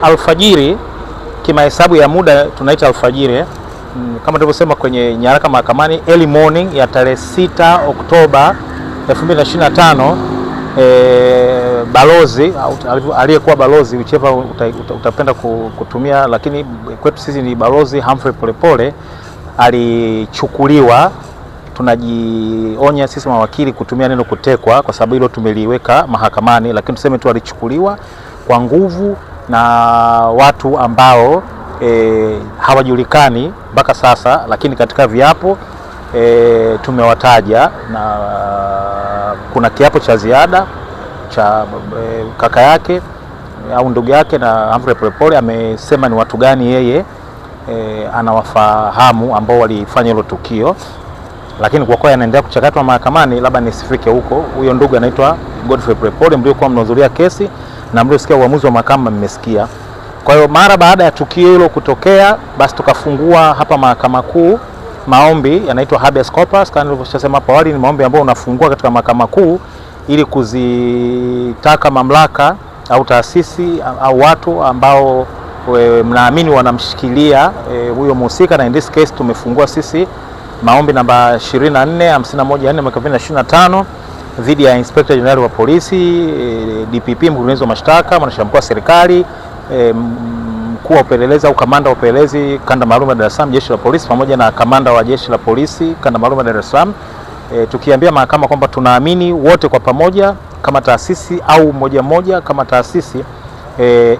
Alfajiri kimahesabu ya muda tunaita alfajiri eh? mm, kama tulivyosema kwenye nyaraka mahakamani, early morning ya tarehe 6 Oktoba 2025 eh, balozi aliyekuwa balozi ucheva uta, uta, utapenda kutumia, lakini kwetu sisi ni balozi Humphrey Polepole alichukuliwa. Tunajionya sisi mawakili kutumia neno kutekwa, kwa sababu hilo tumeliweka mahakamani, lakini tuseme tu alichukuliwa kwa nguvu na watu ambao e, hawajulikani mpaka sasa, lakini katika viapo e, tumewataja na kuna kiapo cha ziada cha e, kaka yake au ndugu yake na Humphrey Polepole amesema ni watu gani yeye e, anawafahamu ambao walifanya hilo tukio, lakini kwa kuwa yanaendelea kuchakatwa mahakamani, labda nisifike huko. Huyo ndugu anaitwa Godfrey Polepole mliokuwa mnahudhuria kesi na mliosikia uamuzi wa mahakama mmesikia. Kwa hiyo mara baada ya tukio hilo kutokea, basi tukafungua hapa Mahakama Kuu maombi yanaitwa habeas corpus. Kama nilivyosema hapo awali, ni maombi ambayo unafungua katika Mahakama Kuu ili kuzitaka mamlaka au taasisi au watu ambao e, mnaamini wanamshikilia e, huyo e, mhusika na in this case tumefungua sisi maombi namba 24 51 mwaka 2025 dhidi ya Inspector Jenerali wa Polisi, e, eh, DPP mkurugenzi wa mashtaka, mwanasheria mkuu wa serikali, e, mkuu wa upelelezi au kamanda wa upelelezi kanda maalum ya Dar es Salaam, jeshi la polisi, pamoja na kamanda wa jeshi la polisi kanda maalum ya Dar es Salaam, e, tukiambia mahakama kwamba tunaamini wote kwa pamoja kama taasisi au moja moja kama taasisi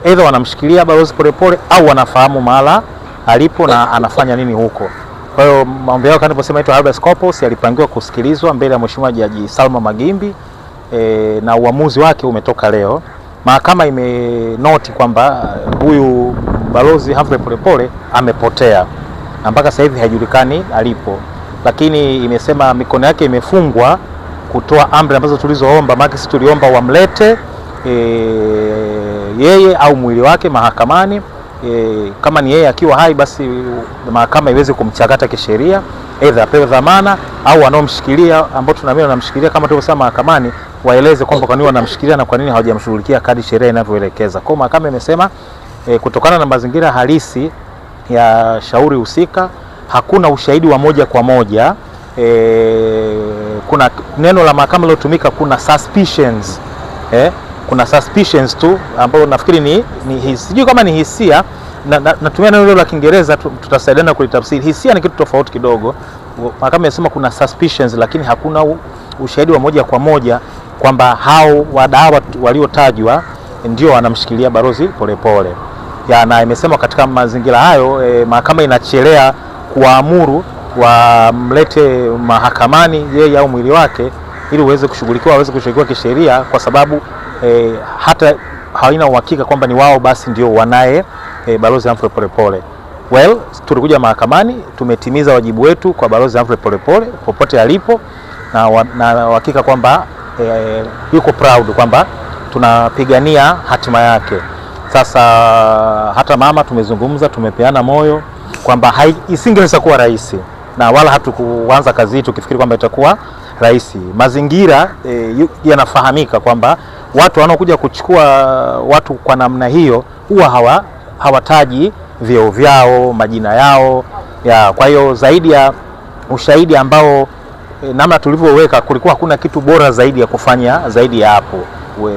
aidha, e, wanamshikilia balozi Polepole au wanafahamu mahala alipo na anafanya nini huko. Kwa hiyo maombi yao anaposema aitwa Habeas Corpus yalipangiwa kusikilizwa mbele ya Mheshimiwa Jaji Salma Magimbi e, na uamuzi wake umetoka leo. Mahakama imenoti kwamba uh, huyu Balozi Humphrey Polepole amepotea na mpaka sasa hivi hajulikani alipo, lakini imesema mikono yake imefungwa kutoa amri ambazo tulizoomba, maana sisi tuliomba wamlete e, yeye au mwili wake mahakamani e, kama ni yeye akiwa hai basi mahakama iweze kumchakata kisheria, aidha apewe dhamana au wanaomshikilia ambao tunaamini wanamshikilia kama tulivyosema mahakamani waeleze kwamba kwa nini wanamshikilia na kwa nini hawajamshughulikia kadri sheria inavyoelekeza. Kwa mahakama imesema e, kutokana na mazingira halisi ya shauri husika hakuna ushahidi wa moja kwa moja e, kuna neno la mahakama lilotumika kuna suspicions eh, kuna suspicions tu ambayo nafikiri ni, ni sijui kama ni hisia na, na, natumia neno la Kiingereza tutasaidiana kulitafsiri. Hisia ni kitu tofauti kidogo. Mahakama imesema kuna suspicions, lakini hakuna ushahidi wa moja kwa moja kwamba hao wadawa waliotajwa ndio wanamshikilia Balozi Polepole ya, na imesema katika mazingira hayo eh, mahakama inachelea kuwaamuru wamlete mahakamani yeye au mwili wake ili uweze kushughulikiwa, aweze kushughulikiwa kisheria kwa sababu e, hata haina uhakika kwamba ni wao basi ndio wanaye e, Balozi Humphrey Polepole. Well, tulikuja mahakamani tumetimiza wajibu wetu kwa Balozi Humphrey Polepole popote alipo, na uhakika kwamba e, yuko proud kwamba tunapigania hatima yake. Sasa hata mama tumezungumza, tumepeana moyo kwamba isingeweza kuwa rahisi na wala hatukuanza kazi hii tukifikiri kwamba itakuwa rahisi. Mazingira e, yanafahamika kwamba watu wanaokuja kuchukua uh, watu kwa namna hiyo huwa hawa hawataji vyeo vyao majina yao ya, kwa hiyo zaidi ya ushahidi ambao e, namna tulivyoweka kulikuwa hakuna kitu bora zaidi ya kufanya zaidi ya hapo. We,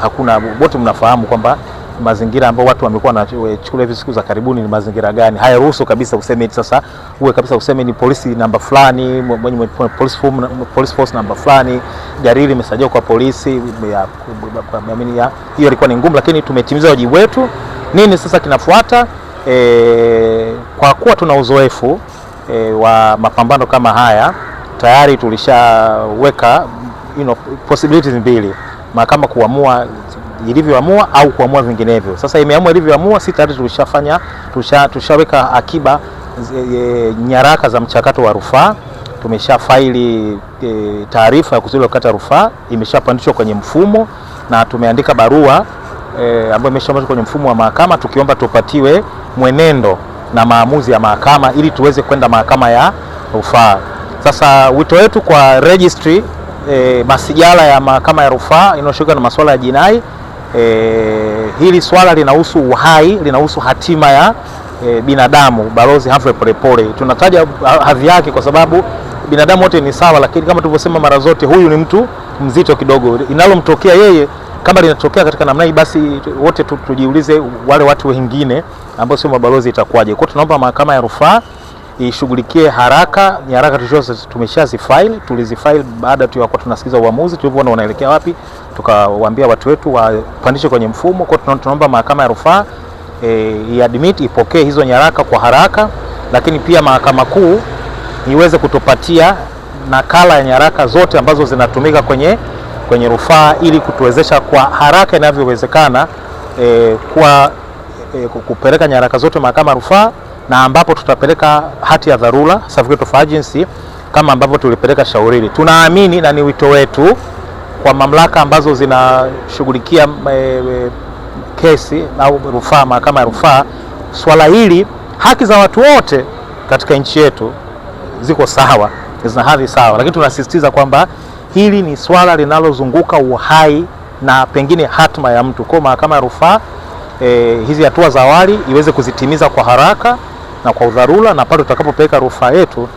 hakuna wote mnafahamu kwamba mazingira ambayo watu wamekuwa wanachukulia hivi siku za karibuni ni mazingira gani? Hayaruhusu kabisa useme sasa uwe kabisa useme ni polisi namba fulani, mwenye police form, police force namba fulani, gari hili limesajiliwa kwa polisi. Hiyo ilikuwa ni ngumu, lakini tumetimiza wajibu wetu. Nini sasa kinafuata? E, kwa kuwa tuna uzoefu e, wa mapambano kama haya tayari tulishaweka you know, possibilities mbili mahakama kuamua ilivyoamua au kuamua vinginevyo. Sasa imeamua ilivyoamua, si tayari tulishafanya tulisha, tushaweka akiba e, e, nyaraka za mchakato wa rufaa tumesha faili e, taarifa ya kuzuiliwa kukata rufaa imeshapandishwa kwenye mfumo na tumeandika barua e, ambayo imeshapandishwa kwenye mfumo wa mahakama tukiomba tupatiwe mwenendo na maamuzi ya mahakama ili tuweze kwenda mahakama ya rufaa. Sasa wito wetu kwa registry e, masijala ya mahakama ya rufaa inayoshughulika na masuala ya jinai E, hili swala linahusu uhai, linahusu hatima ya e, binadamu. Balozi Humphrey Polepole tunataja hadhi yake kwa sababu binadamu wote ni sawa, lakini kama tulivyosema mara zote, huyu ni mtu mzito kidogo. Inalomtokea yeye kama linatokea katika namna hii, basi wote tujiulize, wale watu wengine ambao sio mabalozi itakuwaje? Kwa tunaomba mahakama ya rufaa ishughulikie haraka nyaraka tumeshazifile tulizifile baada tu ya tunasikiza uamuzi, tulivyoona wanaelekea wapi, tukawaambia watu wetu wapandishe kwenye mfumo. Kwa tunaomba mahakama ya rufaa e, iadmit ipokee hizo nyaraka kwa haraka, lakini pia mahakama kuu iweze kutupatia nakala ya nyaraka zote ambazo zinatumika kwenye, kwenye rufaa ili kutuwezesha kwa haraka inavyowezekana e, kwa e, kupeleka nyaraka zote mahakama ya rufaa na ambapo tutapeleka hati ya dharura certificate of urgency kama ambavyo tulipeleka shauri hili. Tunaamini na ni wito wetu kwa mamlaka ambazo zinashughulikia eh, eh, kesi au rufaa, mahakama ya rufaa, swala hili, haki za watu wote katika nchi yetu ziko sawa, zina hadhi sawa, lakini tunasisitiza kwamba hili ni swala linalozunguka uhai na pengine hatma ya mtu. Kwa mahakama ya rufaa e, hizi hatua za awali iweze kuzitimiza kwa haraka na kwa udharura, na pale tutakapopeleka rufaa yetu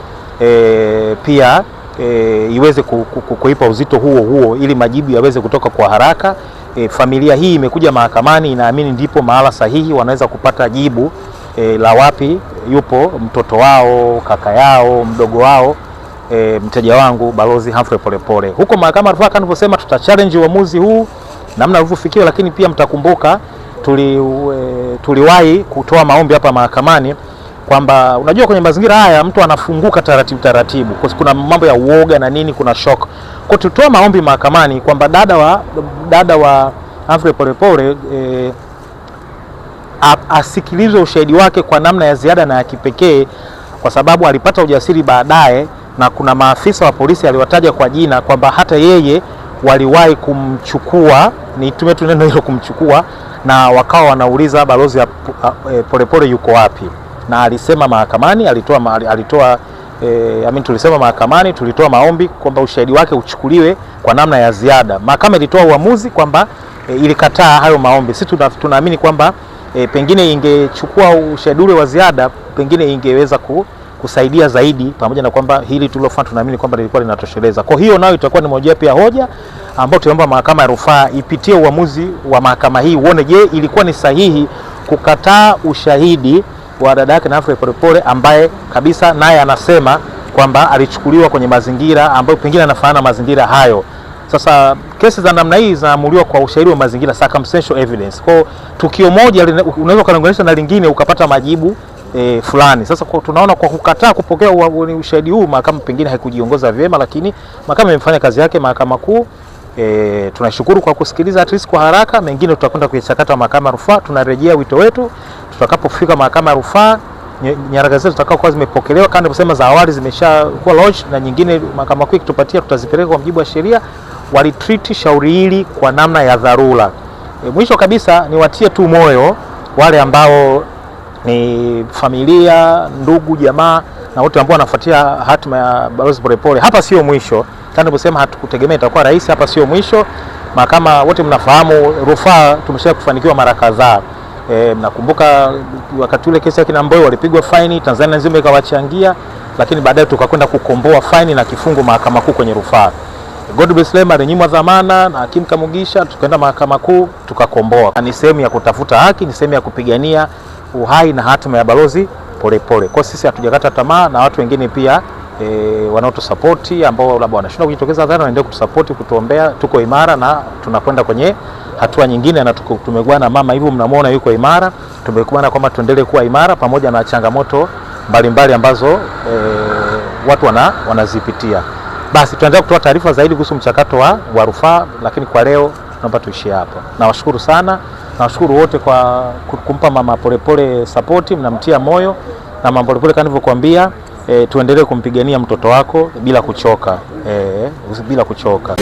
e, pia e, iweze ku, ku, ku, kuipa uzito huo huo ili majibu yaweze kutoka kwa haraka. E, familia hii imekuja mahakamani, inaamini ndipo mahala sahihi wanaweza kupata jibu e, la wapi yupo mtoto wao, kaka yao, mdogo wao. E, mteja wangu Balozi Humphrey Polepole huko mahakama rufaa kama nilivyosema, tuta challenge uamuzi huu namna ulivyofikiwa, lakini pia mtakumbuka tuli, e, tuliwahi kutoa maombi hapa mahakamani kwamba unajua kwenye mazingira haya mtu anafunguka taratibu taratibu, kuna mambo ya uoga na nini, kuna shock. Kwa tutoa maombi mahakamani kwamba dada wa dada wa Humphrey Polepole e, asikilizwe ushahidi wake kwa namna ya ziada na ya kipekee, kwa sababu alipata ujasiri baadaye, na kuna maafisa wa polisi aliwataja kwa jina kwamba hata yeye waliwahi kumchukua, nitumie tu neno hilo kumchukua, na wakawa wanauliza balozi ya eh, Polepole yuko wapi na alisema mahakamani, alitoa, alitoa E, eh, amin, tulisema mahakamani, tulitoa maombi kwamba ushahidi wake uchukuliwe kwa namna ya ziada. Mahakama ilitoa uamuzi kwamba e, ilikataa hayo maombi. Sisi tuna, tunaamini kwamba e, pengine ingechukua ushahidi ule wa ziada, pengine ingeweza ku, kusaidia zaidi, pamoja na kwamba hili tulilofanya tunaamini kwamba lilikuwa linatosheleza. Kwa hiyo nayo itakuwa ni moja ya hoja ambayo tunaomba mahakama ya rufaa ipitie uamuzi wa mahakama hii uone, je, ilikuwa ni sahihi kukataa ushahidi wa dada yake Naafrey Polepole ambaye kabisa naye anasema kwamba alichukuliwa kwenye mazingira ambayo pengine anafanana mazingira hayo. Sasa kesi za namna hii zinaamuliwa kwa ushahidi wa mazingira, circumstantial evidence. Kwa tukio moja unaweza ukalinganisha na lingine ukapata majibu e, fulani. Sasa kwa, tunaona kwa kukataa kupokea ushahidi huu mahakama pengine haikujiongoza vyema, lakini mahakama imefanya kazi yake, mahakama kuu E, tunashukuru kwa kusikiliza at least kwa haraka. Mengine tutakwenda kuyachakata mahakama ya rufaa. Tunarejea wito wetu tutakapofika mahakama ya rufaa, nyaraka zetu zitakaokuwa zimepokelewa kama nilivyosema, za awali zimeshakuwa lodge na nyingine mahakama kuu ikitupatia, tutazipeleka kwa mjibu wa sheria. Walitreat shauri hili kwa namna ya dharura. E, mwisho kabisa niwatie tu moyo wale ambao ni familia, ndugu, jamaa na wote ambao wanafuatia hatima ya Balozi Polepole. Hapa sio mwisho. Kama nilivyosema, hatukutegemea itakuwa rahisi. Hapa sio mwisho. Mahakama wote mnafahamu, rufaa tumesha kufanikiwa mara kadhaa. E, mnakumbuka wakati ule kesi ya kina Mboyo walipigwa faini, Tanzania nzima ikawachangia, lakini baadaye tukakwenda kukomboa faini na kifungo mahakama kuu kwenye rufaa. Godbless Lema alinyimwa dhamana na hakimu Kamugisha, tukaenda mahakama kuu tukakomboa. Ni sehemu ya kutafuta haki, ni sehemu ya kupigania uhai na hatima ya balozi Polepole. Kwa sisi hatujakata tamaa na watu wengine pia e, wanaotusapoti ambao labda wanashindwa kujitokeza hadharani waendelee kutusapoti, kutuombea. Tuko imara na tunakwenda kwenye hatua nyingine, na tumekuwa na mama hivyo mnamuona yuko imara. Tumekuwa kwamba tuendelee kuwa imara pamoja na changamoto mbalimbali mbali ambazo e, watu wana, wanazipitia. Basi tunaendelea kutoa taarifa zaidi kuhusu mchakato wa rufaa, lakini kwa leo naomba tuishie hapo. Nawashukuru sana, nawashukuru wote kwa kumpa mama Polepole sapoti, mnamtia moyo na mama Polepole kanivyokuambia e, tuendelee kumpigania mtoto wako bila kuchoka e, bila kuchoka.